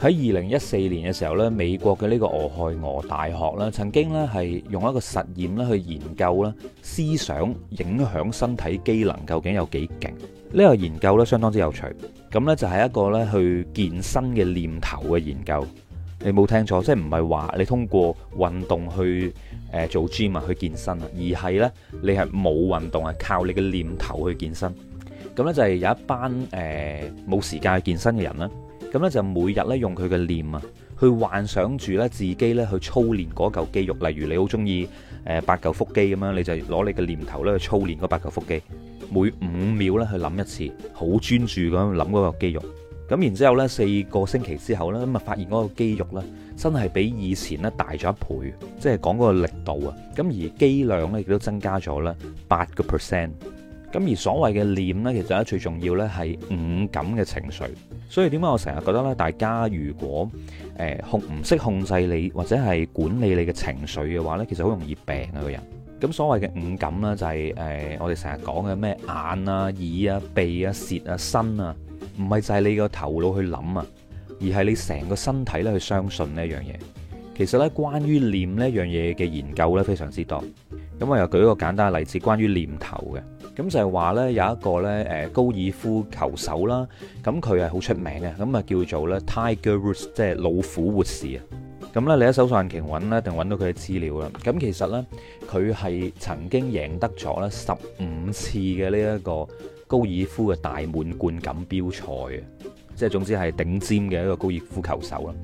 喺二零一四年嘅時候呢，美國嘅呢個俄亥俄大學咧，曾經咧係用一個實驗咧去研究啦，思想影響身體機能究竟有幾勁？呢個研究咧相當之有趣。咁呢就係一個咧去健身嘅念頭嘅研究。你冇聽錯，即係唔係話你通過運動去誒、呃、做 gym 啊去健身啊，而係咧你係冇運動，係靠你嘅念頭去健身。咁呢就係有一班誒冇時間去健身嘅人啦。.咁咧就每日咧用佢嘅念啊，去幻想住咧自己咧去操練嗰嚿肌肉，例如你好中意誒八嚿腹肌咁樣，你就攞你嘅念頭咧去操練嗰八嚿腹肌，每五秒咧去諗一次，好專注咁樣諗嗰個肌肉。咁然之後呢，四個星期之後呢，咁啊，發現嗰個肌肉呢真係比以前呢大咗一倍，即係講嗰個力度啊。咁而肌量呢，亦都增加咗呢，八個 percent。咁而所謂嘅念呢，其實咧最重要呢係五感嘅情緒。所以點解我成日覺得呢，大家如果控唔識控制你或者係管理你嘅情緒嘅話呢，其實好容易病啊個人。咁所謂嘅五感呢，就係誒我哋成日講嘅咩眼啊、耳啊、鼻啊、舌啊、身啊，唔係就係你個頭腦去諗啊，而係你成個身體咧去相信呢樣嘢。其實呢，關於念呢樣嘢嘅研究呢，非常之多。咁我又舉一個簡單嘅例子，關於念頭嘅，咁就係話呢，有一個呢，高爾夫球手啦，咁佢係好出名嘅，咁啊叫做咧 Tiger Woods，即係老虎活士啊。咁呢，你喺搜索引擎揾咧，一定揾到佢嘅資料啦。咁其實呢，佢係曾經贏得咗呢十五次嘅呢一個高爾夫嘅大滿貫錦標賽啊，即係總之係頂尖嘅一個高爾夫球手啦。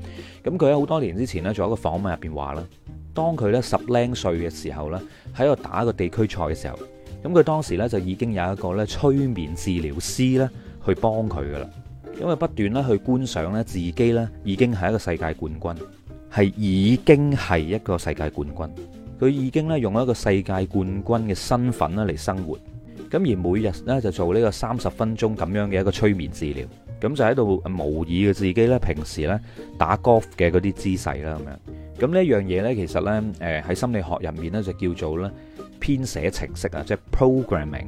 咁佢喺好多年之前呢，做一個訪問入面話呢當佢咧十零歲嘅時候咧，喺度打個地區賽嘅時候，咁佢當時呢就已經有一個咧催眠治療師咧去幫佢噶啦，因為不斷咧去觀想咧自己咧已經係一個世界冠軍，係已經係一個世界冠軍，佢已經咧用一個世界冠軍嘅身份啦嚟生活，咁而每日呢，就做呢個三十分鐘咁樣嘅一個催眠治療，咁就喺度模擬佢自己咧平時咧打 Golf 嘅嗰啲姿勢啦咁樣。咁呢樣嘢呢，其實呢，誒喺心理學入面呢，就叫做呢編寫程式啊，即係 programming。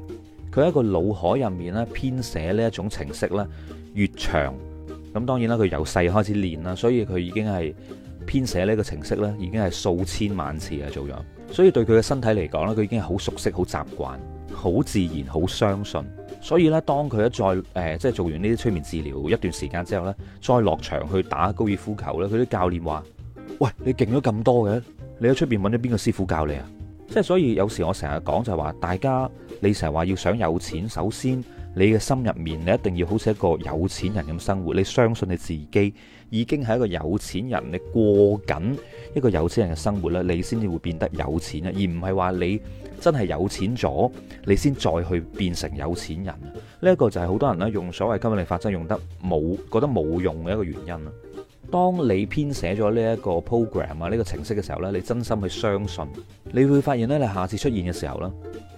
佢喺個腦海入面呢，編寫呢一種程式呢越長，咁當然啦，佢由細開始練啦，所以佢已經係編寫呢個程式呢，已經係數千萬次啊，做咗。所以對佢嘅身體嚟講呢，佢已經係好熟悉、好習慣、好自然、好相信。所以呢，當佢一再誒即係做完呢啲催眠治療一段時間之後呢，再落場去打高爾夫球呢，佢啲教練話。喂，你勁咗咁多嘅，你喺出邊揾咗邊個師傅教你啊？即係所以有時我成日講就係話，大家你成日話要想有錢，首先你嘅心入面你一定要好似一個有錢人咁生活，你相信你自己已經係一個有錢人，你過緊一個有錢人嘅生活咧，你先至會變得有錢啊，而唔係話你真係有錢咗，你先再去變成有錢人。呢一個就係好多人咧用所謂吸引力法則用得冇，覺得冇用嘅一個原因。當你編寫咗呢一個 program 啊，呢個程式嘅時候呢，你真心去相信，你會發現呢，你下次出現嘅時候呢，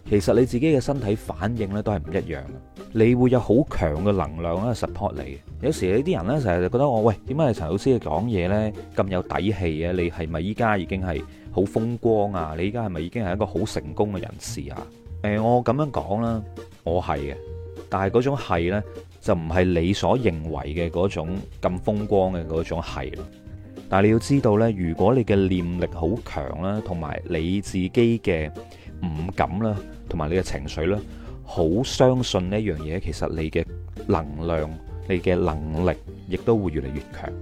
其實你自己嘅身體反應呢都係唔一樣嘅，你會有好強嘅能量咧 support 你的。有時呢啲人呢，成日就覺得我喂，點解陳老師講嘢呢咁有底氣啊？你係咪依家已經係好風光啊？你依家係咪已經係一個好成功嘅人士啊？誒，我咁樣講啦，我係嘅，但係嗰種係咧。就唔係你所認為嘅嗰種咁風光嘅嗰種係。但係你要知道呢，如果你嘅念力好強啦，同埋你自己嘅五感啦，同埋你嘅情緒啦，好相信呢樣嘢，其實你嘅能量、你嘅能力，亦都會越嚟越強。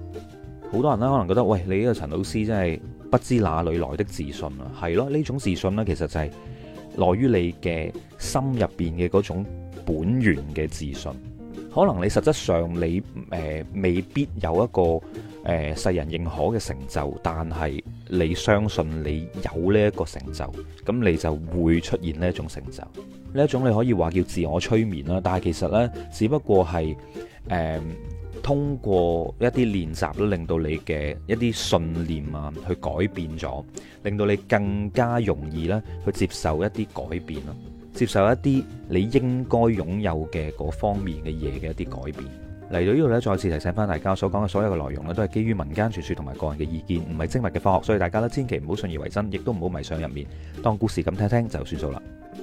好多人呢，可能覺得喂，你呢個陳老師真係不知哪裏來的自信啊，係咯？呢種自信呢，其實就係來於你嘅心入邊嘅嗰種本源嘅自信。可能你實質上你、呃、未必有一個、呃、世人認可嘅成就，但係你相信你有呢一個成就，咁你就會出現呢一種成就。呢一種你可以話叫自我催眠啦，但係其實呢，只不過係、呃、通過一啲練習咧，令到你嘅一啲信念啊，去改變咗，令到你更加容易咧去接受一啲改變咯。接受一啲你應該擁有嘅嗰方面嘅嘢嘅一啲改變。嚟到呢度呢，再次提醒翻大家，所講嘅所有嘅內容呢都係基於民間傳説同埋個人嘅意見，唔係精密嘅科學，所以大家呢，千祈唔好信以為真，亦都唔好迷上入面，當故事咁聽聽就算數啦。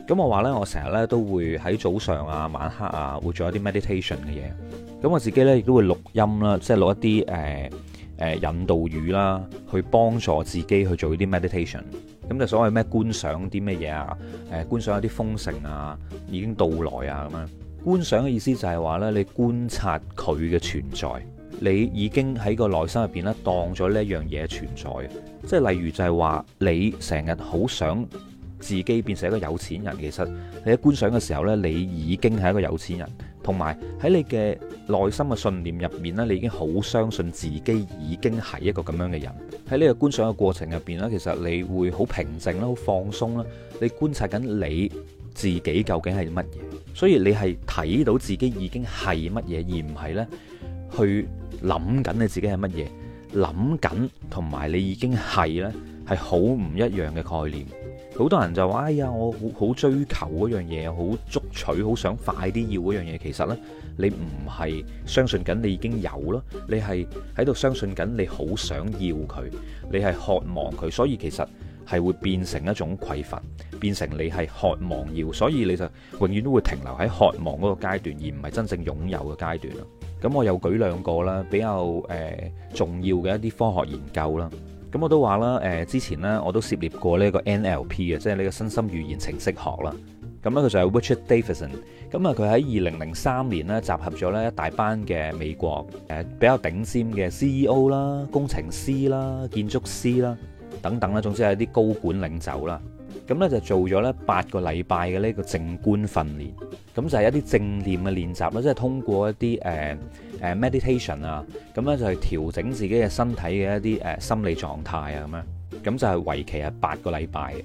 咁我話呢，我成日呢都會喺早上啊、晚黑啊，會做一啲 meditation 嘅嘢。咁我自己呢，亦都會錄音啦，即係錄一啲誒誒引導語啦，去幫助自己去做一啲 meditation。咁就所謂咩觀想啲乜嘢啊？誒觀想一啲豐盛啊，已經到來啊咁樣。觀想嘅意思就係話咧，你觀察佢嘅存在，你已經喺個內心入面咧當咗呢一樣嘢存在。即係例如就係話，你成日好想，自己變成一個有錢人，其實你喺觀賞嘅時候呢，你已經係一個有錢人，同埋喺你嘅內心嘅信念入面呢，你已經好相信自己已經係一個咁樣嘅人。喺呢個觀賞嘅過程入邊呢，其實你會好平靜啦，好放鬆啦。你觀察緊你自己究竟係乜嘢，所以你係睇到自己已經係乜嘢，而唔係呢去諗緊你自己係乜嘢，諗緊同埋你已經係呢係好唔一樣嘅概念。好多人就話：哎呀，我好好追求嗰樣嘢，好捉取，好想快啲要嗰樣嘢。其實呢，你唔係相信緊你已經有咯，你係喺度相信緊你好想要佢，你係渴望佢。所以其實係會變成一種匱乏，變成你係渴望要，所以你就永遠都會停留喺渴望嗰個階段，而唔係真正擁有嘅階段啦。咁我又舉兩個啦，比較，呃，重要嘅一啲科學研究啦。咁我都話啦，誒之前呢我都涉獵過呢個 NLP 嘅，即係呢個身心語言程式學啦。咁呢，佢就係 Richard Davidson。咁啊，佢喺二零零三年呢，集合咗呢一大班嘅美國誒比較頂尖嘅 CEO 啦、工程師啦、建築師啦等等啦，總之係啲高管領袖啦。咁咧就做咗咧八個禮拜嘅呢個靜觀訓練，咁就係一啲正念嘅練習啦，即係通過一啲誒誒 meditation 啊，咁咧就係調整自己嘅身體嘅一啲誒心理狀態啊咁樣，咁就係為期係八個禮拜，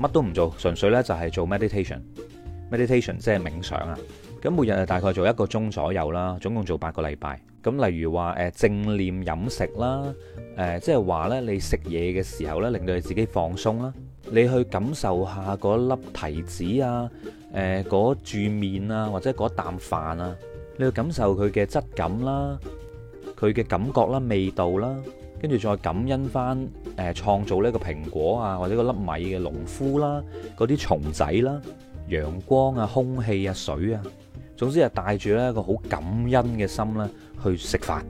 乜都唔做，純粹咧就係做 meditation，meditation 即係冥想啊。咁每日大概做一個鐘左右啦，總共做八個禮拜。咁例如話誒正念飲食啦，誒即係話呢，你食嘢嘅時候呢，令到你自己放鬆啦。你去感受下嗰粒提子啊，誒嗰煮麵啊，或者嗰啖飯啊，你去感受佢嘅質感啦、啊，佢嘅感覺啦、啊，味道啦、啊，跟住再感恩翻誒、呃、創造呢個蘋果啊，或者個粒米嘅農夫啦、啊，嗰啲蟲仔啦、啊，陽光啊，空氣啊，水啊，總之係帶住咧一個好感恩嘅心咧、啊、去食飯。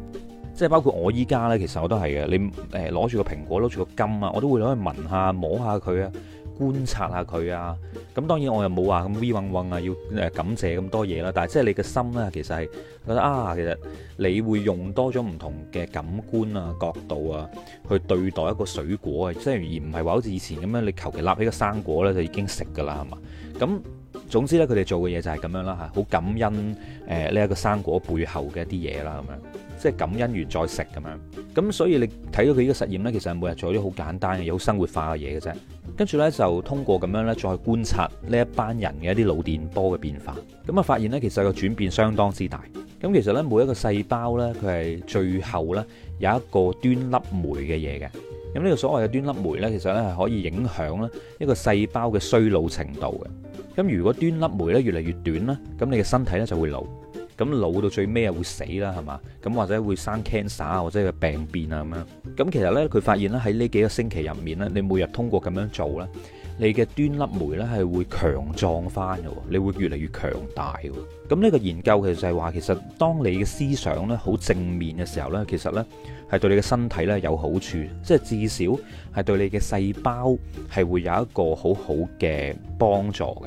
即係包括我依家咧，其實我都係嘅。你誒攞住個蘋果，攞住個金啊，我都會攞去聞下、摸下佢啊，觀察下佢啊。咁當然我又冇話咁 v 揾揾啊，要誒感謝咁多嘢啦。但係即係你嘅心咧，其實係覺得啊，其實你會用多咗唔同嘅感官啊、角度啊去對待一個水果啊，即係而唔係話好似以前咁樣，你求其立起個生果咧就已經食㗎啦，係嘛？咁。總之咧，佢哋做嘅嘢就係咁樣啦嚇，好感恩誒呢一個生果背後嘅一啲嘢啦，咁樣即係感恩完再食咁樣。咁所以你睇到佢呢個實驗呢，其實每日做啲好簡單嘅、有生活化嘅嘢嘅啫。跟住呢，就通過咁樣呢，再觀察呢一班人嘅一啲腦電波嘅變化，咁啊發現呢，其實個轉變相當之大。咁其實呢，每一個細胞呢，佢係最後呢有一個端粒酶嘅嘢嘅。咁呢個所謂嘅端粒酶呢，其實呢係可以影響咧一個細胞嘅衰老程度嘅。咁如果端粒酶咧越嚟越短咧，咁你嘅身體咧就會老，咁老到最尾啊會死啦，係嘛？咁或者會生 cancer 啊，或者係病變啊咁樣。咁其實咧佢發現咧喺呢幾個星期入面咧，你每日通過咁樣做咧。你嘅端粒酶呢係會強壯翻嘅，你會越嚟越強大嘅。咁呢個研究其實就係話，其實當你嘅思想呢好正面嘅時候呢，其實呢係對你嘅身體呢有好處，即係至少係對你嘅細胞係會有一個好好嘅幫助嘅。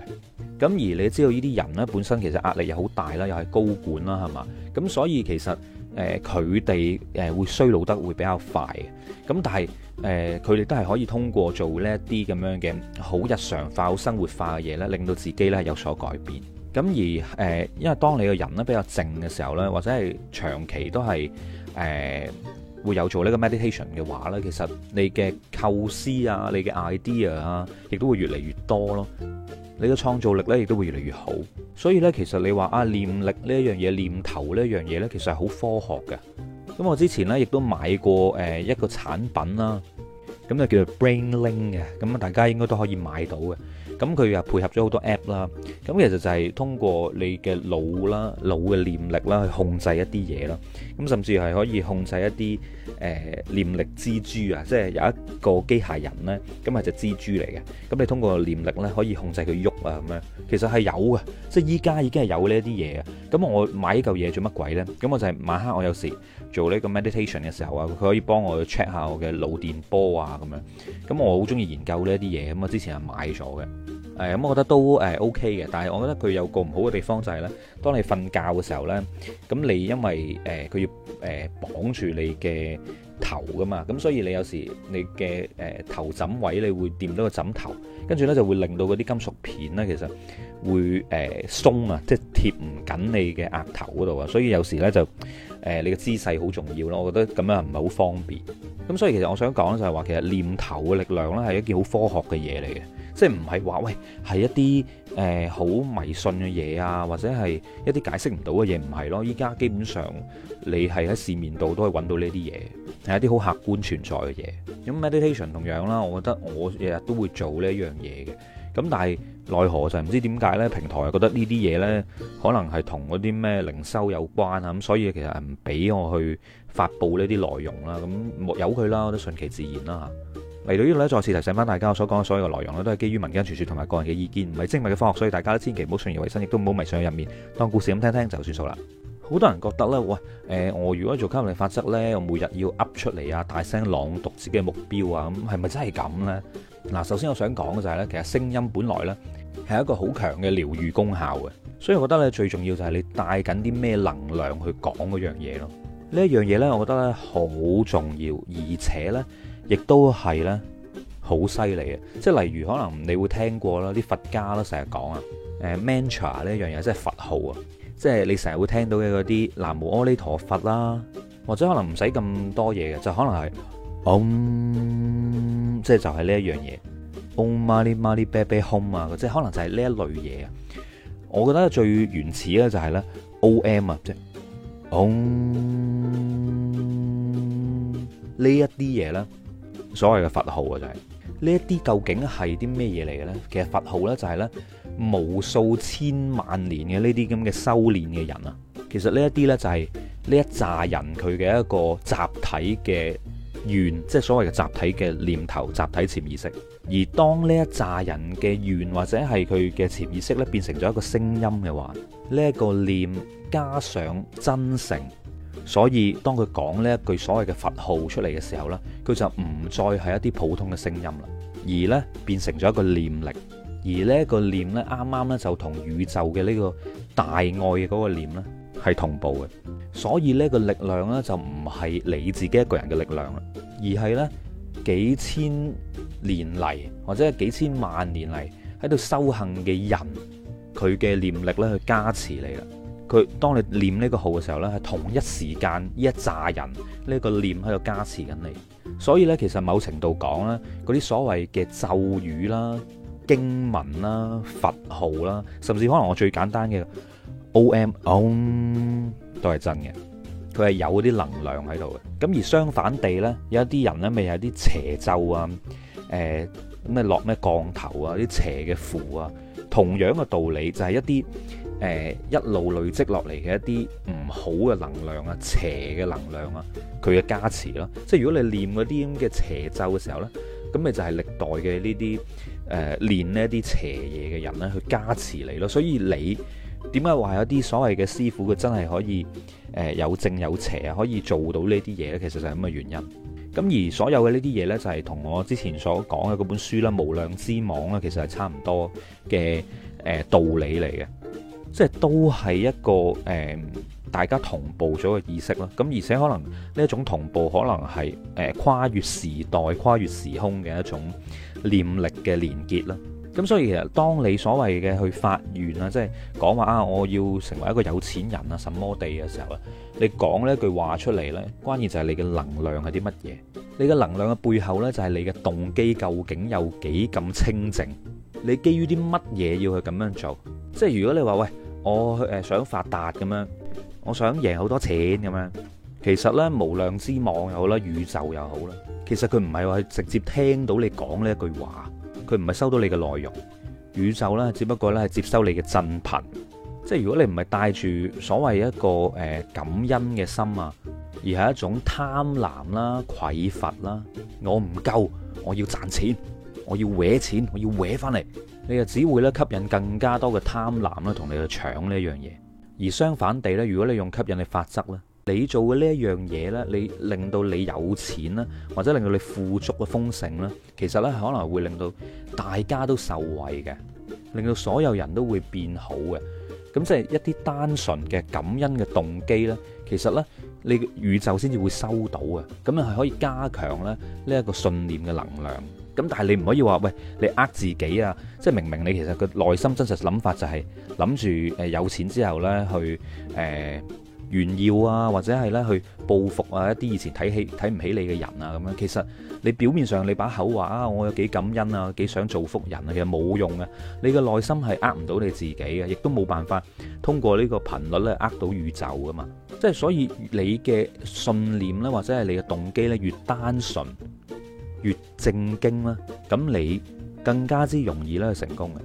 咁而你知道呢啲人呢本身其實壓力又好大啦，又係高管啦，係嘛？咁所以其實。誒佢哋誒會衰老得會比較快嘅，咁但係誒佢哋都係可以通過做呢一啲咁樣嘅好日常化、好生活化嘅嘢呢，令到自己呢有所改變。咁而誒、呃，因為當你個人呢比較靜嘅時候呢，或者係長期都係誒、呃、會有做呢個 meditation 嘅話呢，其實你嘅構思啊、你嘅 idea 啊，亦都會越嚟越多咯。你嘅創造力咧，亦都會越嚟越好。所以咧，其實你話啊，念力呢一樣嘢，念頭呢一樣嘢呢，其實係好科學嘅。咁我之前呢，亦都買過誒一個產品啦，咁就叫做 BrainLink 嘅。咁大家應該都可以買到嘅。咁佢又配合咗好多 app 啦，咁其實就係通過你嘅腦啦、腦嘅念力啦去控制一啲嘢啦，咁甚至係可以控制一啲誒、呃、念力蜘蛛啊，即係有一個機械人呢，咁係隻蜘蛛嚟嘅，咁你通過念力呢，可以控制佢喐啊咁樣，其實係有啊，即係依家已經係有呢啲嘢。咁我買呢嚿嘢做乜鬼呢？咁我就係晚黑我有時做呢個 meditation 嘅時候啊，佢可以幫我去 check 下我嘅腦電波啊咁樣。咁我好中意研究呢啲嘢，咁我之前係買咗嘅。誒，咁我覺得都 OK 嘅。但係我覺得佢有個唔好嘅地方就係呢：當你瞓覺嘅時候呢，咁你因為佢要綁住你嘅頭噶嘛，咁所以你有時你嘅頭枕位，你會掂到個枕頭，跟住呢就會令到嗰啲金屬片呢其實。會誒，鬆啊，即係貼唔緊你嘅額頭嗰度啊，所以有時呢，就誒、呃、你嘅姿勢好重要咯。我覺得咁樣唔係好方便。咁所以其實我想講呢就係話，其實念頭嘅力量呢，係一件好科學嘅嘢嚟嘅，即係唔係話喂，係一啲誒好迷信嘅嘢啊，或者係一啲解釋唔到嘅嘢，唔係咯。依家基本上你係喺市面度都可以揾到呢啲嘢，係一啲好客觀存在嘅嘢。咁 meditation 同樣啦，我覺得我日日都會做呢一樣嘢嘅。咁但係。奈何就係唔知點解呢？平台覺得呢啲嘢呢，可能係同嗰啲咩靈修有關啊，咁所以其實係唔俾我去發布呢啲內容啦。咁冇由佢啦，我都順其自然啦。嚟到呢度呢，再次提醒翻大家，我所講嘅所有嘅內容呢，都係基於民間傳説同埋個人嘅意見，唔係精密嘅科學，所以大家都千祈唔好信以為真，亦都唔好迷上入面當故事咁聽聽就算數啦。好多人覺得呢，喂，誒、呃、我如果做吸引力法則呢，我每日要噏出嚟啊，大聲朗讀自己嘅目標啊，咁係咪真係咁呢？嗱，首先我想講嘅就係呢，其實聲音本來呢。係一個好強嘅療愈功效嘅，所以我覺得咧最重要就係你帶緊啲咩能量去講嗰樣嘢咯。呢一樣嘢呢，我覺得咧好重要，而且呢，亦都係呢，好犀利嘅。即係例如可能你會聽過啦，啲佛家啦成日講啊，mantra 呢樣嘢即係佛號啊，即係你成日會聽到嘅嗰啲南無阿彌陀佛啦，或者可能唔使咁多嘢嘅，就可能係嗡，即係就係呢一樣嘢。Oh, money, money, back home 啊！即係可能就係呢一類嘢啊！我覺得最原始啊，就係咧，O.M. 啊，即係呢一啲嘢咧，所謂嘅佛號啊，就是，就係呢一啲究竟係啲咩嘢嚟嘅咧？其實佛號咧就係咧，無數千萬年嘅呢啲咁嘅修煉嘅人啊，其實呢一啲咧就係呢一紮人佢嘅一個集體嘅。願，即係所謂嘅集體嘅念頭、集體潛意識，而當呢一紮人嘅願或者係佢嘅潛意識咧，變成咗一個聲音嘅話，呢一個念加上真誠，所以當佢講呢一句所謂嘅佛號出嚟嘅時候呢，佢就唔再係一啲普通嘅聲音啦，而呢變成咗一個念力，而呢一個念呢，啱啱呢就同宇宙嘅呢個大愛嘅嗰個念呢，係同步嘅，所以呢個力量呢，就唔係你自己一個人嘅力量啦，而係呢幾千年嚟或者幾千萬年嚟喺度修行嘅人佢嘅念力呢，去加持你啦。佢當你念呢個號嘅時候呢，係同一時間呢一紮人呢個念喺度加持緊你。所以呢，其實某程度講呢，嗰啲所謂嘅咒語啦、經文啦、佛號啦，甚至可能我最簡單嘅。O.M. on 都係真嘅，佢係有啲能量喺度嘅。咁而相反地咧，有一啲人咧，咪有啲邪咒啊，誒、呃，咩落咩降頭啊，啲邪嘅符啊，同樣嘅道理就係一啲誒、呃、一路累積落嚟嘅一啲唔好嘅能量啊，邪嘅能量啊，佢嘅加持咯、啊。即係如果你念嗰啲咁嘅邪咒嘅時候咧，咁咪就係歷代嘅呢啲誒練呢一啲邪嘢嘅人咧、啊、去加持你咯、啊。所以你。點解話有啲所謂嘅師傅佢真係可以誒有正有邪可以做到這些呢啲嘢咧，其實就係咁嘅原因。咁而所有嘅呢啲嘢呢，就係同我之前所講嘅嗰本書啦，《無量之網》啦，其實係差唔多嘅誒道理嚟嘅，即係都係一個誒大家同步咗嘅意識啦。咁而且可能呢一種同步，可能係誒跨越時代、跨越時空嘅一種念力嘅連結啦。咁所以其實，當你所謂嘅去發願啊，即係講話啊，我要成為一個有錢人啊，什麼地嘅時候啊，你講呢句話出嚟呢，關鍵就係你嘅能量係啲乜嘢？你嘅能量嘅背後呢，就係你嘅動機究竟有幾咁清淨？你基於啲乜嘢要去咁樣做？即係如果你話喂，我誒想發達咁樣，我想贏好多錢咁樣，其實呢，無量之網又好啦，宇宙又好啦，其實佢唔係話直接聽到你講呢句話。佢唔係收到你嘅內容，宇宙呢只不過咧係接收你嘅振頻。即係如果你唔係帶住所謂一個誒感恩嘅心啊，而係一種貪婪啦、匱乏啦，我唔夠，我要賺錢，我要搲錢，我要搲翻嚟，你就只會咧吸引更加多嘅貪婪啦，同你去搶呢樣嘢。而相反地呢，如果你用吸引力法則咧，你做嘅呢一樣嘢咧，你令到你有錢啦，或者令到你富足嘅豐盛啦，其實咧可能會令到大家都受惠嘅，令到所有人都會變好嘅。咁即係一啲單純嘅感恩嘅動機咧，其實咧你宇宙先至會收到嘅。咁樣係可以加強咧呢一個信念嘅能量。咁但係你唔可以話喂，你呃自己啊，即係明明你其實個內心真實諗法就係諗住誒有錢之後咧去誒。炫耀啊，或者係咧去報復啊，一啲以前睇起睇唔起你嘅人啊，咁樣其實你表面上你把口話啊，我有幾感恩啊，幾想造福人啊，其實冇用啊。你嘅內心係呃唔到你自己啊，亦都冇辦法通過呢個頻率咧呃到宇宙噶嘛。即係所以你嘅信念咧，或者係你嘅動機咧，越單純越正經啦，咁你更加之容易咧成功嘅。